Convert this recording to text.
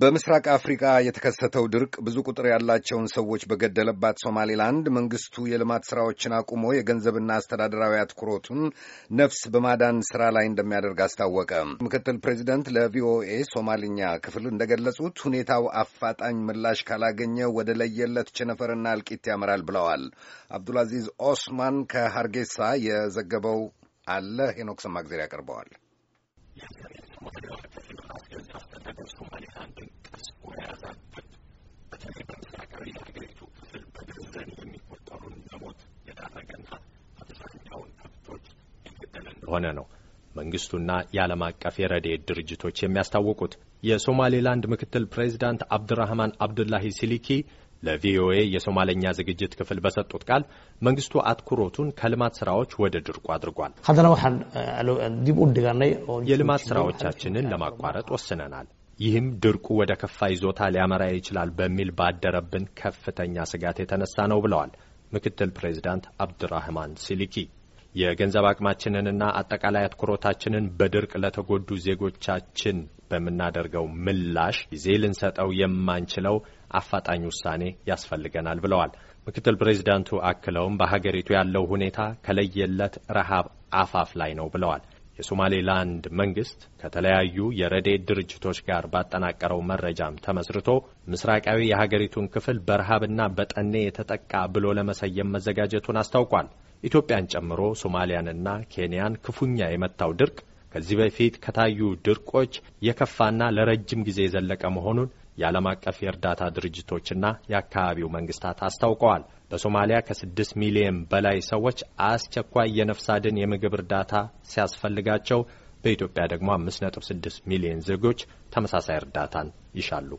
በምስራቅ አፍሪካ የተከሰተው ድርቅ ብዙ ቁጥር ያላቸውን ሰዎች በገደለባት ሶማሌላንድ መንግስቱ የልማት ስራዎችን አቁሞ የገንዘብና አስተዳደራዊ አትኩሮቱን ነፍስ በማዳን ስራ ላይ እንደሚያደርግ አስታወቀ። ምክትል ፕሬዚደንት ለቪኦኤ ሶማልኛ ክፍል እንደገለጹት ሁኔታው አፋጣኝ ምላሽ ካላገኘ ወደ ለየለት ቸነፈርና እልቂት ያመራል ብለዋል። አብዱልአዚዝ ኦስማን ከሀርጌሳ የዘገበው አለ። ሄኖክ ሰማግዜር ያቀርበዋል። እንደሆነ ነው መንግስቱና የዓለም አቀፍ የረድኤት ድርጅቶች የሚያስታውቁት። የሶማሌላንድ ምክትል ፕሬዚዳንት አብድራህማን አብዱላሂ ሲሊኪ ለቪኦኤ የሶማለኛ ዝግጅት ክፍል በሰጡት ቃል መንግስቱ አትኩሮቱን ከልማት ስራዎች ወደ ድርቁ አድርጓል። የልማት ስራዎቻችንን ለማቋረጥ ወስነናል። ይህም ድርቁ ወደ ከፋ ይዞታ ሊያመራ ይችላል በሚል ባደረብን ከፍተኛ ስጋት የተነሳ ነው ብለዋል ምክትል ፕሬዚዳንት አብድራህማን ሲሊኪ። የገንዘብ አቅማችንንና አጠቃላይ አትኩሮታችንን በድርቅ ለተጎዱ ዜጎቻችን በምናደርገው ምላሽ ጊዜ ልንሰጠው የማንችለው አፋጣኝ ውሳኔ ያስፈልገናል ብለዋል። ምክትል ፕሬዚዳንቱ አክለውም በሀገሪቱ ያለው ሁኔታ ከለየለት ረሃብ አፋፍ ላይ ነው ብለዋል። የሶማሌላንድ መንግስት ከተለያዩ የረድኤት ድርጅቶች ጋር ባጠናቀረው መረጃም ተመስርቶ ምስራቃዊ የሀገሪቱን ክፍል በረሃብና በጠኔ የተጠቃ ብሎ ለመሰየም መዘጋጀቱን አስታውቋል። ኢትዮጵያን ጨምሮ ሶማሊያንና ኬንያን ክፉኛ የመታው ድርቅ ከዚህ በፊት ከታዩ ድርቆች የከፋና ለረጅም ጊዜ የዘለቀ መሆኑን የዓለም አቀፍ የእርዳታ ድርጅቶችና የአካባቢው መንግስታት አስታውቀዋል። በሶማሊያ ከ ከ6 ሚሊዮን በላይ ሰዎች አስቸኳይ የነፍስ አድን የምግብ እርዳታ ሲያስፈልጋቸው በኢትዮጵያ ደግሞ 56 ሚሊየን ሚሊዮን ዜጎች ተመሳሳይ እርዳታን ይሻሉ።